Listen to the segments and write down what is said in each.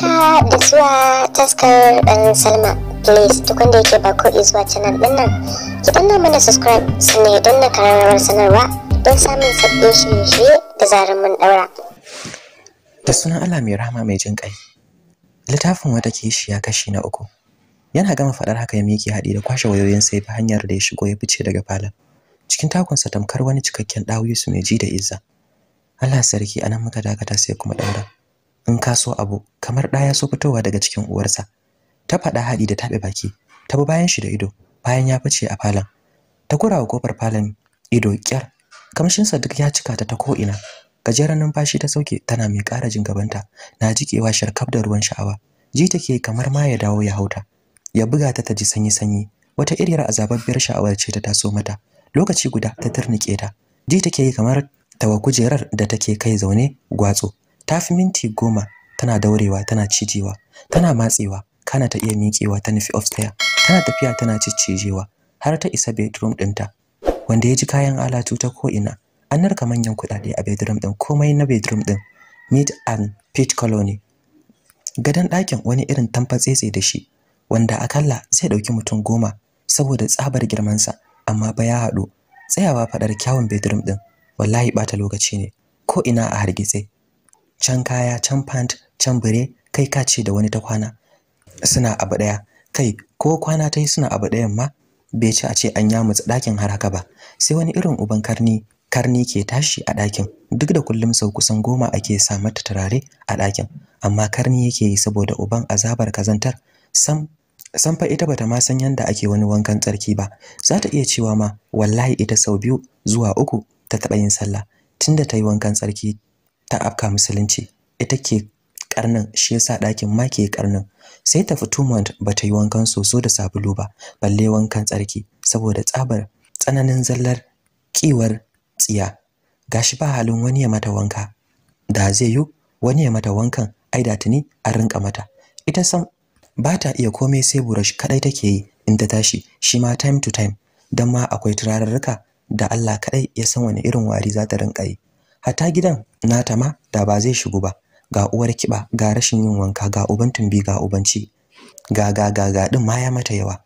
haka da zuwa taskar dan salma please duk wanda yake ba ko zuwa canal din nan ki danna mana subscribe sannan ya danna karamar sanarwa don samun sabbin shirye-shirye da zarar mun daura da sunan allah mai rahama mai jin kai littafin wata ke shi ya kashi na uku yana gama faɗar haka ya miƙe haɗi da kwashe wayoyin sai ba hanyar da ya shigo ya fice daga falon cikin takunsa tamkar wani cikakken ɗawo Yusuf mai ji da izza Allah sarki anan muka dakata sai kuma ɗaura in ka so abu kamar ɗaya so fitowa daga cikin uwarsa ta faɗa haɗi da taɓe baki ta bi bayan shi da ido bayan ya fice a falon ta kurawa kofar falon ido kyar kamshinsa duk ya cika ta ta ko'ina gajeren numfashi ta sauke tana mai ƙara jin gabanta na jikewa sharkaf da ruwan sha'awa ji take kamar ma ya dawo ya hauta ya buga ta ta ji sanyi-sanyi wata iriyar azababbiyar sha'awar ce ta taso mata lokaci guda ta turnike ta ji take kamar tawa kujerar da take kai zaune gwatso ta fi minti goma tana daurewa tana cijewa tana matsewa kana ta iya miƙewa ta nufi upstairs tana tafiya tana ciccijewa har ta isa bedroom ɗinta wanda ya ji kayan alatu ta ko'ina an narka manyan kuɗaɗe a bedroom ɗin komai na bedroom ɗin meat and peach colony gadon ɗakin wani irin tamfatsetse da shi wanda akalla zai ɗauki mutum goma saboda tsabar girmansa amma ba ya haɗu tsayawa faɗar kyawun bedroom ɗin wallahi ɓata lokaci ne ko ina a hargitse can kaya can pant can bare kai ka ce da wani ta kwana suna abu daya kai ko kwana ta yi suna abu dayan ma bai ci a ce an yamutsa ɗakin har haka ba sai wani irin uban karni karni ke tashi a ɗakin duk da kullum sau kusan goma ake sa mata turare a ɗakin amma karni yake yi saboda uban azabar kazantar sam san fa ita bata ma san yanda ake wani wankan tsarki ba za ta iya cewa ma wallahi ita sau biyu zuwa uku ta taɓa yin sallah tunda ta yi wankan tsarki ta afka musulunci ita ke karnin shi yasa dakin ma ke karnin sai ta fito mont bata yi wankan soso da sabulu ba balle wankan tsarki saboda tsabar tsananin zallar kiwar tsiya gashi ba halin wani ya mata wanka da zai yi wani ya mata wankan ai da tuni a rinka mata ita san ba ta iya komai sai burash kadai take yi in ta tashi shi ma time to time dan ma akwai turarurruka da Allah kadai ya san wani irin wari za ta rinka yi hatta gidan nata ma da ba zai shigo ba ga uwar kiba ga rashin yin wanka ga uban tumbi ga ubanci ga ga ga ga din ma ya mata yawa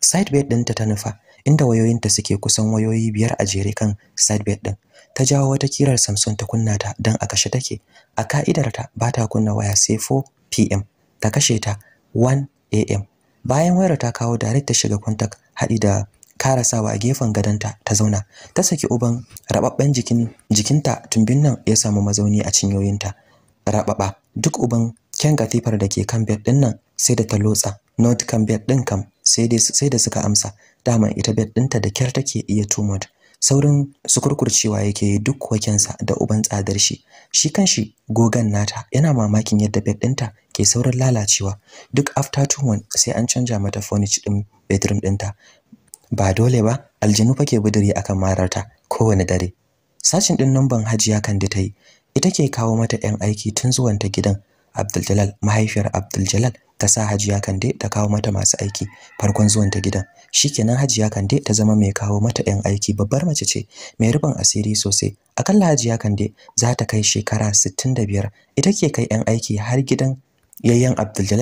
side bed ɗinta ta nufa inda wayoyinta suke kusan wayoyi biyar a jere kan side bed ɗin ta jawo wata kirar Samson ta kunna ta dan a kashe take a ka'idar ta ba ta kunna waya sai 4 pm ta kashe ta 1 am bayan wayar ta kawo direct ta shiga contact haɗi da karasawa a gefen gadonta ta zauna ta saki uban rababben jikin jikinta tumbin nan ya samu mazauni a cinyoyinta rababa duk uban kyan katifar da ke kan bed din nan sai da ta lotsa not kan bed din kam sai da sai da suka amsa dama ita bed dinta da kyar take iya tumot saurin sukurkurcewa yake duk wakensa da uban tsadar shi shi kanshi gogan nata yana mamakin yadda bed dinta ke saurin lalacewa duk after two months sai an canja mata furniture din bedroom dinta ba dole ba aljinu fa ke buduri akan mararta kowane dare sashin din numban hajiya Kande ta yi ita ke kawo mata 'yan aiki tun zuwan ta gidan Abdul mahaifiyar Abdul ta sa Hajiya Kande ta kawo mata masu aiki farkon zuwan ta gidan Shi kenan Hajiya Kande ta zama mai kawo mata 'yan aiki babbar mace ce mai ruban asiri sosai akalla Hajiya Kande za ta kai shekara 65 ita ke kai 'yan aiki har gidan yayyen Abdul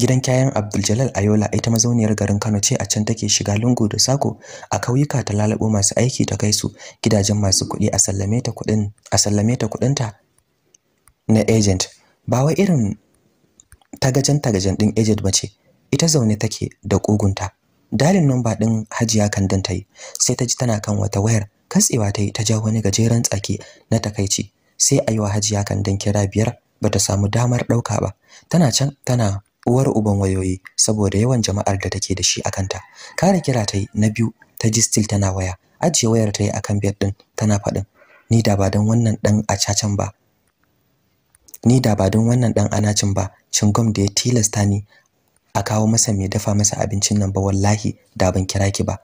Gidan kayan Abduljalal Jalal Ayola ita mazauniyar garin Kano ce a can take shiga lungu da sako a kauyuka ta lalabo masu aiki ta kai su gidajen masu kuɗi a sallame ta kuɗin a sallame ta kuɗinta na agent ba wai irin tagajen tagajen din agent bace ita zaune take da kugunta dalin number din Hajiya kan dan tayi sai ta ji tana kan wata wayar katsewa tayi ta ja wani gajeren tsaki na takaici sai ayiwa Hajiya kan dan kira biyar bata samu damar dauka ba tana can tana uwar uban wayoyi saboda yawan jama'ar da take da shi a kanta kare kira ta yi na biyu ta ji tana waya ajiye wayar ta yi akan bed din tana faɗin ni da ba don wannan ɗan a cacan ba ni da ba don wannan dan anacin ba cingom da ya tilasta ni a kawo masa mai dafa masa abincin nan ba wallahi da ban kira ki ba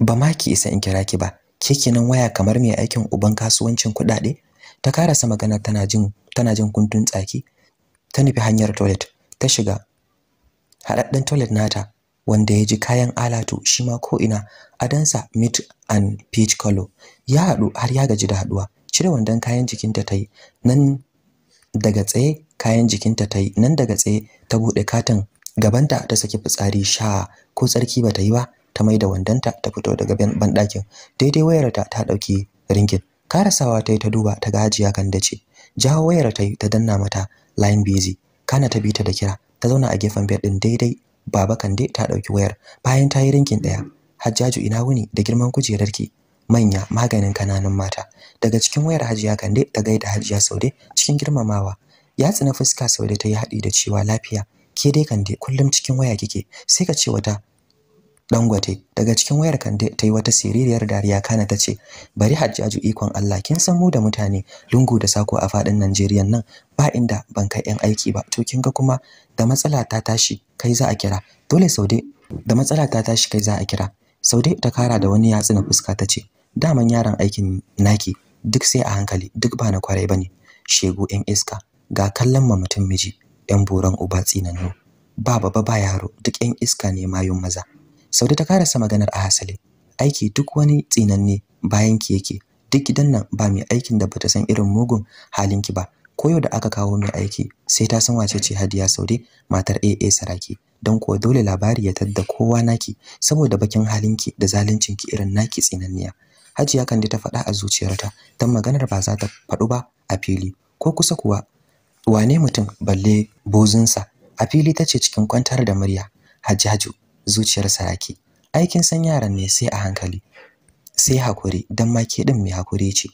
ba ma ki isa in kira ki ba ke kenan waya kamar mai aikin uban kasuwancin kuɗaɗe ta karasa magana tana jin tana jin kuntun tsaki ta nufi hanyar toilet ta shiga haɗaɗɗen toilet nata wanda ya ji kayan alatu shi ma ko'ina adansa meat and peach color ya haɗu har ya gaji da haɗuwa cire wandon kayan jikinta ta yi nan daga tsaye kayan jikinta ta nan daga tsaye ta buɗe katin gabanta ta saki fitsari sha ko tsarki ba ta yi ba ta mai da wandonta ta fito daga banɗakin daidai wayarta ta ɗauki ringin karasawa ta yi ta duba ta gajiya hajiya kan dace jawo wayar ta yi ta danna mata line busy kana ta bi ta da kira ta zauna a gefen bed din daidai baba kande ta dauki wayar bayan ta yi rinkin daya hajjaju ina wuni da girman kujerarki manya maganin kananan mata daga cikin wayar hajiya kande ta gaida hajiya saude cikin girmamawa ya tsina fuska saude ta yi haɗi da cewa lafiya ke dai kande kullum cikin waya kike sai ka ce wata Dangote daga cikin wayar Kande ta yi wata siririyar dariya kana ta ce bari Hajjaju ikon Allah kin san mu da mutane lungu da sako a fadin Najeriya nan ba inda ban kai yan aiki ba to kin ga kuma da matsala ta tashi kai za a kira dole Saude da matsala ta tashi kai za a kira Saude ta kara da wani yatsu na fuska ta ce daman yaran aikin naki duk sai a hankali duk ba na kwarai bane shegu yan iska ga kallon ma mutum miji yan boran uba tsinanno ba baba ba yaro duk yan iska ne mayun maza Saude ta karasa maganar a hasali Aiki duk wani tsinanne bayan ki yake. Duk gidan nan ba mai aikin da bata san irin mugun halin ki ba. Koyo da aka kawo mai aiki sai ta san wace ce Hadiya Saude matar AA Saraki. Don kuwa dole labari ya tadda kowa naki saboda bakin halin ki da zaluncin ki irin naki tsinanniya. Hajiya Kande ta faɗa a zuciyarta, dan maganar ba za ta faɗu ba a fili, ko kusa kuwa wane mutum balle bozinsa a fili ta ce cikin kwantar da murya. Hajjaju zuciyar saraki aikin san yaran ne sai a hankali sai hakuri dan ma ke din mai hakuri ce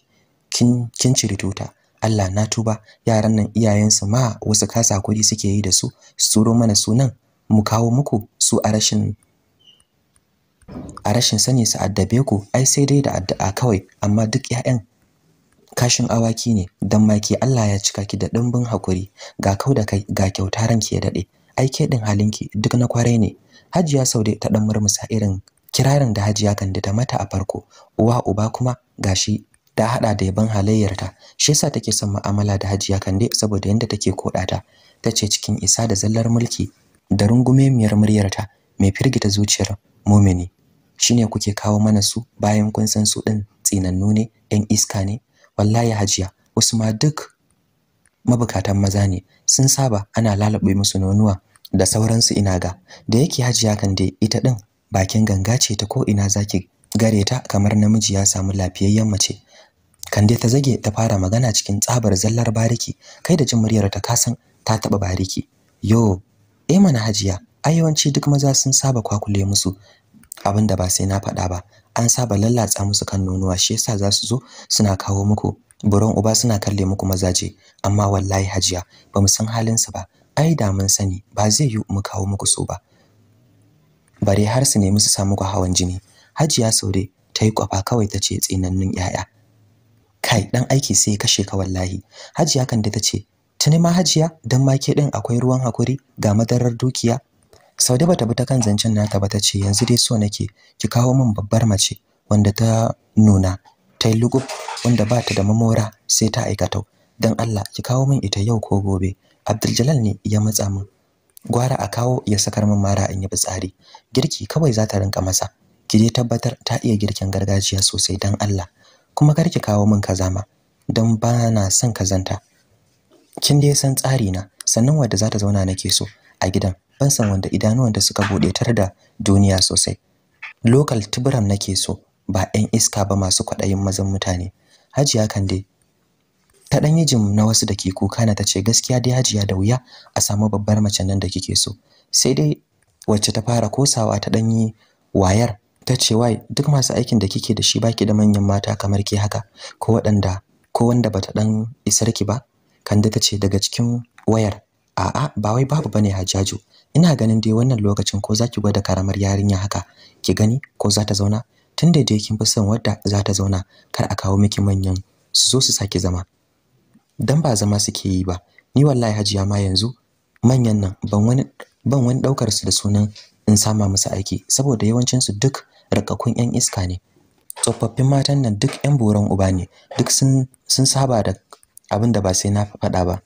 kin kin ciri tuta Allah na tuba yaran nan iyayensu ma wasu kasa hakuri suke yi da su su ro mana sunan mu kawo muku su a rashin a rashin sani su addabe ku ai sai dai da addu'a kawai amma duk ƴaƴan kashin awaki ne dan ma ke Allah ya cika ki da dimbin hakuri ga kau da kai ga kyauta ranki ya dade ai ke din halinki duk na kwarai ne Hajiya Saude ta dan murmusa irin kirarin da Hajiya Kande ta mata a farko, uwa uba kuma gashi ta hada da yaban halayyarta. Shi yasa take son mu'amala da Hajiya Kande saboda yanda take Ta Tace cikin isa da zallar mulki da rungume rungumemiyar muryarta mai firgita zuciyar mumini. Shine kuke kawo mana su bayan kun san su din tsinannu ne, ɗan iska ne. Wallahi Hajiya, Usma duk mabukatan maza ne sun saba ana lalabe musu nonuwa da sauransu ina ga da yake hajiya kan dai ita din bakin ganga ce ta ko ina zaki gare ta kamar namiji ya samu lafiyayyen mace kan dai ta zage ta fara magana cikin tsabar zallar bariki kai da jin muryar ta kasan ta taba bariki yo eh mana hajiya ai yawanci duk maza sun saba kwakule musu abinda ba sai na faɗa ba an saba lallatsa musu kan nonuwa shi yasa za su zo suna kawo muku buron uba suna kalle muku mazaje amma wallahi hajiya Bamu san halin su ba ai da mun sani ba zai yi mu kawo muku so ba bare har su nemi su samu ku hawan jini hajiya saude ta yi kwafa kawai ta ce tsinannun yaya kai dan aiki sai ya kashe ka wallahi hajiya kan da ta ce tuni ma hajiya dan ma ke din akwai ruwan hakuri ga madarar dukiya saude bata bi ta kan zancen nata ba ta ce yanzu dai so nake ki kawo min babbar mace wanda ta nuna ta yi lugub wanda ba ta da mamora sai ta aikatau don Allah ki kawo min ita yau ko gobe abduljalal ne ya matsa min gwara a kawo ya sakar min mara in yi fitsari girki kawai za ta rinka masa ki je tabbatar ta iya girkin gargajiya sosai dan Allah kuma kar ki kawo min kazama dan ba na son kazanta kin dai san tsari na sannan wanda za ta zauna nake so a gidan ban san wanda idanuwan da suka bude tar da duniya sosai local tuburam nake so ba 'yan iska ba masu kwaɗayin mazan mutane hajiya kan dai ta ɗan yi jim na wasu da ke, kuka na ta ce gaskiya dai hajiya da wuya a samu babbar mace nan da kike so sai dai wacce ta fara kosawa ta ɗan yi wayar ta ce wai duk masu aikin da kike da shi baki da manyan mata kamar ke haka ko waɗanda ko wanda bata ɗan isar ki ba kande ta ce daga cikin wayar a'a ba wai babu bane hajjaju ina ganin dai wannan lokacin ko zaki gwada karamar yarinya haka ki gani ko za ta zauna da dai kin fi son wadda za ta zauna kar a kawo miki manyan su zo su saki zama dan ba zama suke yi ba ni wallahi hajiya ma yanzu manyan nan ban wani ban wani daukar su da sunan in sama musu aiki saboda yawancin su duk rakakun yan iska ne tsofaffin matan nan duk yan boran uba ne duk sun sun saba da abin da ba sai na faɗa ba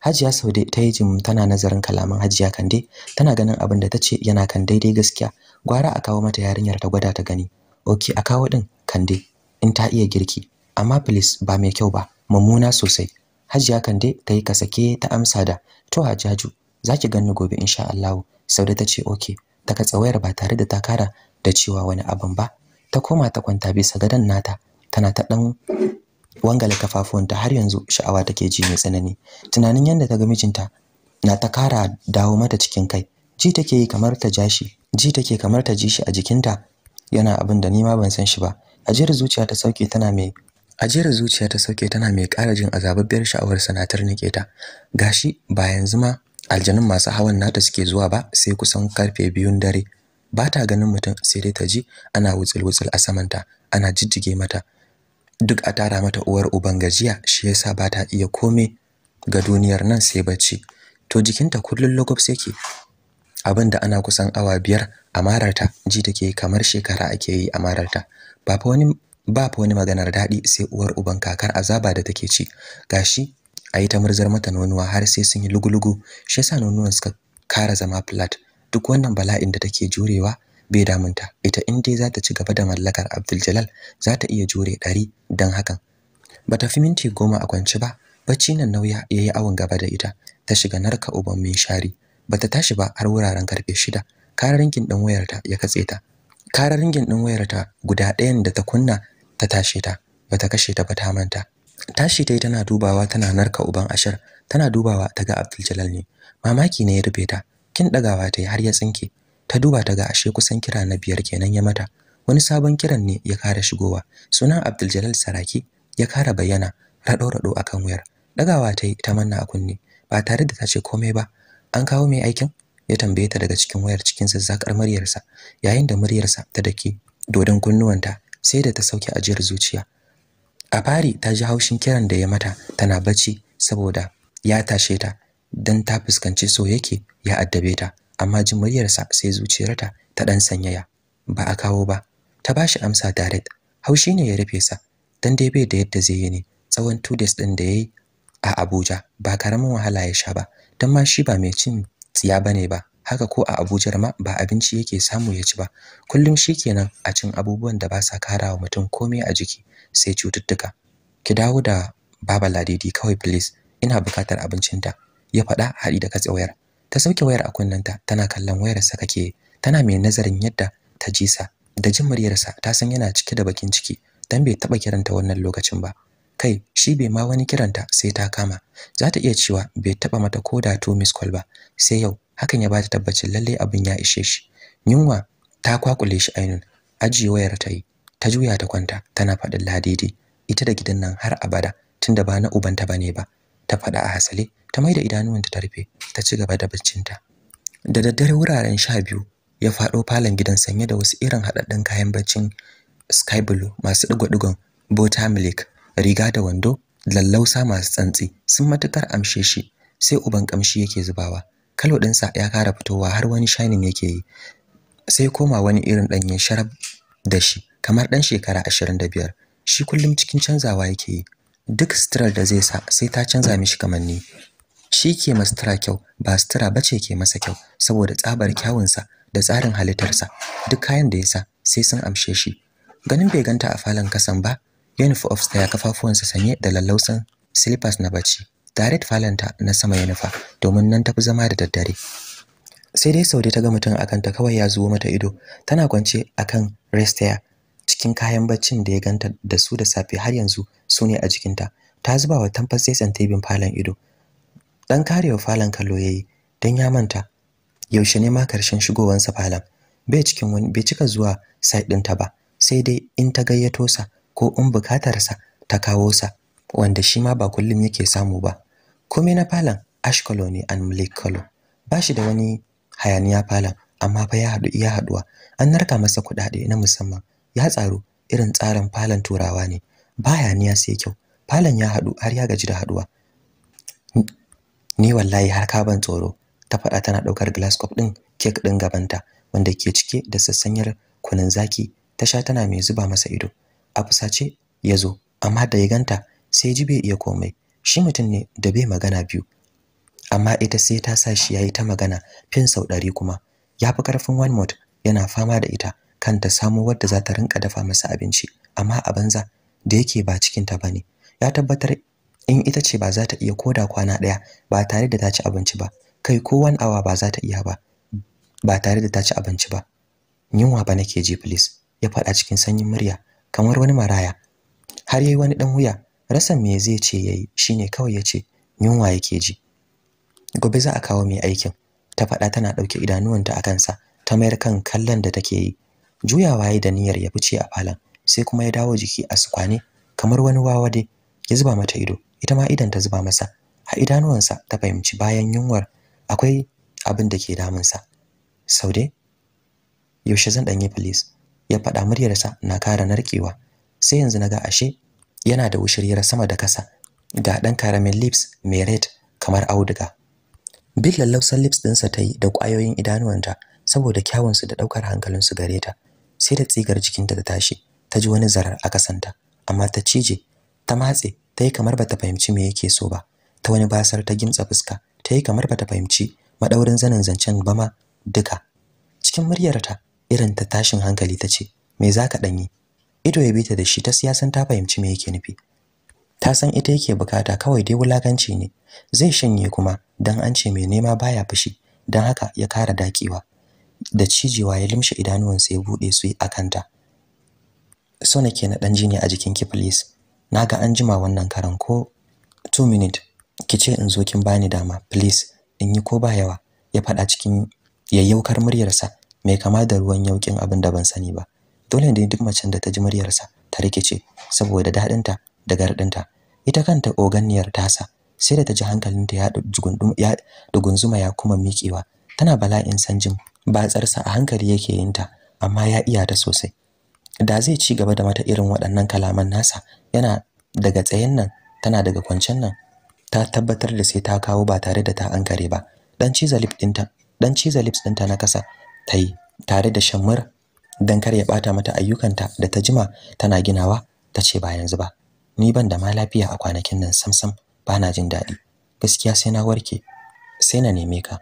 Hajiya Saude ta yi jim tana nazarin kalaman Hajiya Kande tana ganin abin da ta ce yana kan daidai gaskiya gwara a kawo mata yarinyar ta gwada ta gani oke a kawo din Kande in ta iya girki amma please ba mai kyau ba mummuna sosai Hajiya Kande ta yi kasake ta amsa da to Hajjaju zaki ganni gobe insha Allah Saude ta ce okay ta ka wayar ba tare da ta kara da cewa wani abin ba ta koma ta kwanta bisa gadon nata tana ta dan wangale ta har yanzu sha'awa take ji mai tsanani tunanin yanda ta ga mijinta na ta kara dawo mata cikin kai ji take yi kamar ta jashi ji take kamar ta ji shi a jikinta yana abin da nima ban san shi ba ajiyar zuciya ta sauke tana mai ajiyar zuciya ta sauke tana mai ƙara jin azababbiyar sha'awar sanatar nike ta gashi ba yanzu ma aljanun masu hawan nata suke zuwa ba sai kusan karfe biyun dare ba ta ganin mutum sai dai ta ji ana wutsul-wutsul a samanta ana jijjige mata duk a tara mata uwar uban gajiya shi yasa ba ta iya komai ga duniyar nan sai bacci to jikinta kullun lagos yake da ana kusan awa biyar a mararta ji take kamar shekara ake yi a mararta ba fa wani ba fa wani maganar daɗi sai uwar uban kakar azaba da take ci gashi a yi ta murzar mata nonuwa har sai sun yi lugulugu shi yasa nonuwan suka kara zama flat duk wannan bala'in da take jurewa bai damunta ita in dai za ta ci gaba da mallakar Abdul Jalal za ta iya jure ɗari don hakan ta fi minti goma a kwance ba bacci nan nauya ya yi awon gaba da ita ta shiga narka uban mai shari Ba ta tashi ba har wuraren karfe shida karar ringin ɗin wayarta ya katse ta karar ringin ɗin wayarta guda ɗayan da ta kunna ta tashe ta bata kashe ta ba ta manta tashi ta tana dubawa tana narka uban ashar tana dubawa ta ga Abdul ne mamaki ne ya rufe ta kin dagawa ta har ya tsinke ta duba ta ga ashe kusan kira na biyar kenan ya mata wani sabon kiran ne ya kara shigowa sunan Abdul Saraki ya kara bayyana rado rado akan wayar dagawa ta ta manna a kunne ba tare da ta ce komai ba an kawo mai aikin ya tambaye ta daga cikin wayar cikin zazzakar muryarsa yayin da muryarsa ta dake dodon kunnuwanta sai da ta sauke ajiyar zuciya a fari ta ji haushin kiran da ya mata tana bacci saboda ya tashe ta dan ta fuskanci so yake ya addabe ta amma jin muryarsa sai zuciyar ta ta dan sanyaya ba a kawo ba ta bashi amsa direct haushi ne ya rufe sa dan dai bai da yadda zai yi ne tsawon 2 days din da yayi a Abuja ba karamin wahala ya sha ba dan ma shi ba mai cin tsiya bane ba haka ko a Abuja ma ba abinci yake samu ya ci ba kullum shi kenan a cin abubuwan da ba sa karawa mutum komai a jiki sai cututtuka ki dawo da baba ladidi kawai please ina bukatar abincinta ya faɗa haɗi da katse wayar ta sauke wayar a kunnanta tana kallon wayar sa kake tana mai nazarin yadda ta ji sa da jin muryarsa ta san yana cike da bakin ciki dan bai taba kiranta wannan lokacin ba kai shi bai ma wani kiranta sai ta kama za ta iya cewa bai taba mata koda to miss call ba sai yau hakan ya bata tabbacin lalle abin ya ishe shi yunwa ta kwakule shi ainun ajiye wayar ta yi ta juya ta kwanta tana faɗin ladidi ita da gidan nan har abada tunda ba na ubanta bane ba ta faɗa a hasale ta maida idanuwanta ta rufe ta ci gaba da baccinta da daddare wuraren sha biyu ya faɗo falon gidan sanye da wasu irin haɗaɗɗun kayan baccin sky blue masu ɗigo-ɗigon bota milk riga da wando lallausa masu tsantsi sun matukar amshe shi sai uban kamshi yake zubawa kalo ɗinsa ya kara fitowa har wani shining yake yi sai koma wani irin ɗanye sharab da shi kamar ɗan shekara ashirin da biyar shi kullum cikin canzawa yake yi duk sitirar da zai sa sai ta canza mishi kamar ni. shi ke ma sutura kyau ba sutura bace ke masa kyau saboda tsabar kyawunsa da tsarin halittarsa duk kayan da yasa sai sun amshe shi ganin bai ganta a falon kasan ba Yanifu Ofsta ya kafafuwansa sanye da lallausan slippers na bacci. direct falanta na sama ya nufa domin nan tafi zama da daddare sai dai saude ta ga mutum akan ta kawai ya zuwo mata ido tana kwance akan restaya cikin kayan baccin da ya ganta da su da safe har yanzu su ne a jikinta ta zuba wa tamfas tsaitsan tebin falon ido dan karewa falon kallo yayi dan ya manta yaushe ne ma karshen shigowansa falon bai cikin wani bai cika zuwa site ɗinta ba sai dai in ta gayyato sa ko in bukatarsa ta kawo sa wanda shi ma ba kullum yake samu ba komai na falon ash ne and milk color ba shi da wani hayaniya falon amma fa ya haɗu iya haɗuwa an narka masa kuɗaɗe na musamman ya tsaro irin tsarin falon turawa ne ba hayaniya sai kyau falon ya haɗu har ya gaji da haɗuwa ni wallahi har ka ban tsoro ta faɗa tana ɗaukar glass ɗin kek ɗin gabanta wanda ke cike da sassanyar kunun zaki ta sha tana mai zuba masa ido a fusace ya zo amma da ya ganta sai ji bai iya komai shi mutum ne da bai magana biyu amma ita sai ta sa shi yayi ta magana fin sau ɗari kuma ya fi karfin one mode yana fama da ita kan ta samu wadda za ta rinka dafa masa abinci amma a banza da yake ba cikin ta bane ya tabbatar in ita ce ba za ta iya koda kwana ɗaya ba tare da ta ci abinci ba kai ko one hour ba za ta iya ba ba tare da ta ci abinci ba yunwa ba nake ji please ya faɗa cikin sanyin murya kamar wani maraya har yayi wani ɗan wuya rasa me zai ce yayi shine kawai yace yunwa yake ji gobe za a kawo mai aikin ta faɗa tana ɗauke idanuwanta a kansa ta mayar kan kallon da take yi juyawa yayi da niyyar ya fice a falon sai kuma ya dawo jiki a sukwane kamar wani wawa dai ya zuba mata ido ita ma idan ta zuba masa a idanuwansa ta fahimci bayan yunwar akwai abin da ke damunsa saude yaushe zan danyi please ya faɗa muryarsa na kara narkewa sai yanzu naga ashe yana da wushiryar sama da kasa ga ɗan karamin lips mai red kamar auduga bin lallausan lips ɗinsa ta yi da kwayoyin idanuwanta saboda kyawunsu da ɗaukar hankalinsu gare ta sai da tsigar jikinta ta tashi ta ji wani zarar a kasanta amma ta cije ta matse ta yi kamar bata fahimci me yake so ba ta wani basar ta gimtsa fuska ta yi kamar bata fahimci madaurin zanin zancen ba ma duka cikin muryarta irin ta tashin hankali ta ce me zaka danyi ido ya bita da shi ta siyasan ta fahimci me yake nufi ta san ita yake bukata kawai dai wulakanci ne zai shanye kuma dan an ce mai nema baya fushi dan haka ya kara dakewa da cijewa ya limshe idanuwansa ya bude su a kanta so nake na dan jini a jikin ki please naga an jima wannan karan ko 2 minute ki ce in zo kin bani dama please in yi ko ba yawa ya fada cikin yayyaukar muryarsa mai kama da ruwan yaukin abin da ban sani ba dole ne duk macen da ta ji muryarsa ta rikice saboda daɗinta da gardinta ita kanta oganniyar tasa sai da ta ji hankalinta ya ya dugunzuma ya kuma miƙewa tana bala'in san ba tsarsa a hankali yake yinta amma ya iya ta sosai da zai ci gaba da mata irin waɗannan kalaman nasa yana daga tsayen nan tana daga kwancen nan ta tabbatar da sai ta kawo ba tare da ta ankare ba dan ciza dinta dan cizalips lips na kasa ta tare da shammar dan kar ya bata mata ayyukanta da ta jima tana ginawa ta ce ba yanzu ba ni ban da ma lafiya a kwanakin nan samsam bana jin daɗi gaskiya sai na warke sai na neme ka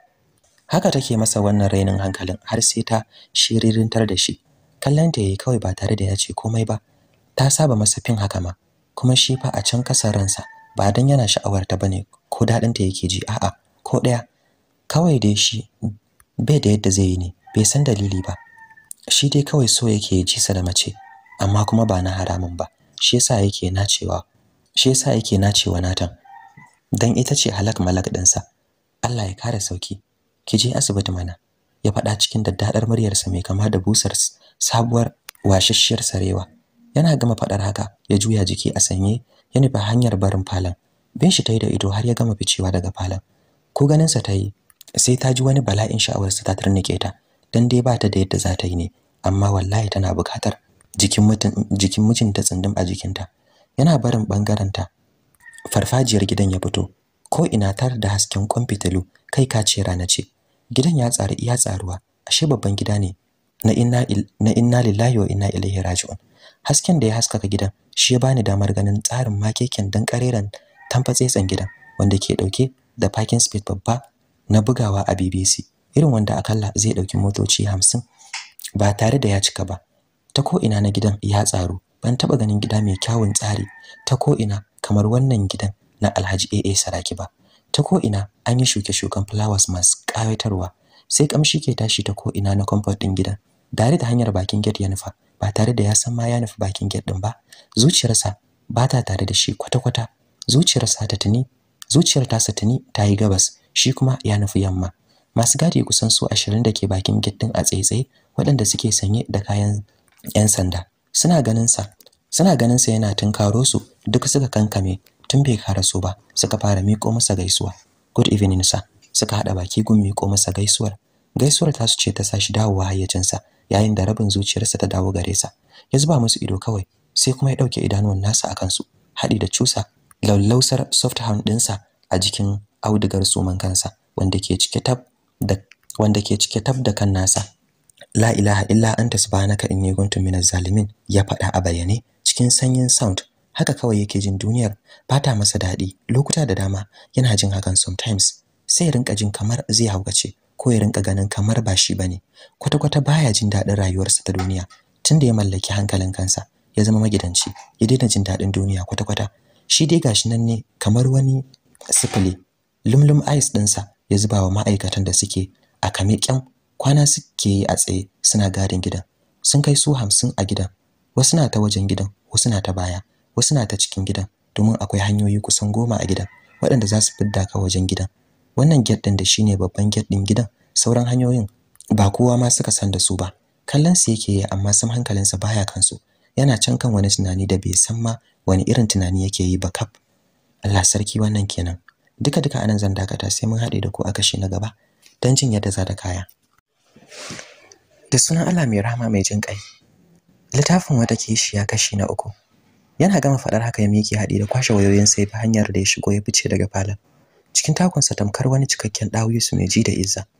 haka take masa wannan rainin hankalin har sai ta shiririntar da shi kallon ta yayi kawai ba tare da ya ce komai ba ta saba masa fin haka ma kuma shi fa a can kasar ransa ba dan yana sha'awar ta bane ko dadin ta yake ji a'a ko daya kawai dai shi bai da yadda zai yi ne bai san dalili ba shi dai kawai so yake jisa da mace amma kuma ba na haramun ba shi yasa yake nacewa shi yasa yake nacewa natan dan ita ce halak malak sa Allah ya kare sauki ki je asibiti mana ya faɗa cikin daddadar muryarsa mai kama da busar sabuwar washishiyar sarewa yana gama faɗar haka ya juya jiki a sanye ya nufi hanyar barin falon bin shi ta yi da ido har ya gama ficewa daga falon ko ganinsa ta yi sai ta ji wani bala'in sha'awarsa ta turnike ta dan dai ba ta da yadda za ta yi ne amma wallahi tana bukatar jikin mutum jikin mijinta tsindin a jikinta yana barin bangaren ta farfajiyar gidan ya fito ko ina tar da hasken kwamfitalu kai ka ce rana ce gidan ya tsari iya tsaruwa ashe babban gida ne na inna na inna lillahi wa inna ilaihi raji'un hasken da ya haskaka gidan shi ya bani damar ganin tsarin makeken dan kareran tamfatsetsen gidan wanda ke dauke da parking space babba na bugawa a BBC irin wanda akalla zai dauki motoci 50 ba tare da ya cika ba ta ko ina na gidan ya tsaro ban taba ganin gida mai kyawun tsari ta ko ina kamar wannan gidan na Alhaji AA Saraki ba ta ko ina an yi shuke-shuken flowers masu kayatarwa sai kamshi ke tashi ta ko ina na comfort din gidan dare da hanyar bakin gate ya nufa ba tare da ya san ma ya nufi bakin gate din ba zuciyarsa ba ta tare da shi kwata-kwata zuciyarsa ta tuni zuciyar sa tuni ta yi gabas shi kuma ya nufi yamma masu gadi kusan su 20 da ke bakin gittin a tsaitsaye waɗanda suke sanye da kayan 'yan sanda suna ganin sa suna ganin sa yana tunkaro su duk suka kankame tun bai kara su ba suka fara miƙo masa gaisuwa good evening sa suka haɗa baki gun miƙo masa gaisuwar gaisuwar ta su ce ta sashi dawowa hayyacinsa yayin da rabin zuciyarsa ta dawo gare sa ya zuba musu ido kawai sai kuma ya dauke idanuwan nasa a kansu haɗi da cusa laulausar soft hand ɗinsa a jikin audugar suman kansa wanda ke cike tab da wanda ke cike tab da kan nasa la ilaha illa anta subhanaka inni kuntu minaz zalimin ya faɗa a bayyane cikin sanyin sound haka kawai yake jin duniyar ba ta masa daɗi lokuta da dama yana jin hakan sometimes sai ya rinka jin kamar zai haukace ko ya rinka ganin kamar ba shi bane kwata-kwata baya jin daɗin rayuwarsa ta duniya tunda ya mallaki hankalin kansa ya zama magidanci ya daina jin daɗin duniya kwata-kwata shi dai gashi nan ne kamar wani sifili lumlum ice ɗinsa ya zuba wa ma'aikatan da suke a kame kwana suke yi a tsaye suna gadin gidan sun kai su hamsin a gidan wasu na ta wajen gidan wasu na ta baya wasu na ta cikin gidan domin akwai hanyoyi kusan goma a gidan waɗanda za su fidda ka wajen gidan wannan gate din da shine babban gate din gidan sauran hanyoyin ba kowa ma suka san da su ba kallon su yake yi amma sam hankalinsa baya kansu yana can kan wani tunani da bai san ma wani irin tunani yake yi ba kaf Allah sarki wannan kenan duka duka anan zan dakata sai mun haɗe da ku a kashi na gaba dan jin yadda za ta kaya da sunan Allah mai rahama mai jin kai littafin wata ya kashi na uku yana gama faɗar haka ya miki haɗi da kwashe wayoyin sai ta hanyar da ya shigo ya fice daga falon cikin takunsa tamkar wani cikakken ɗawisu mai ji da izza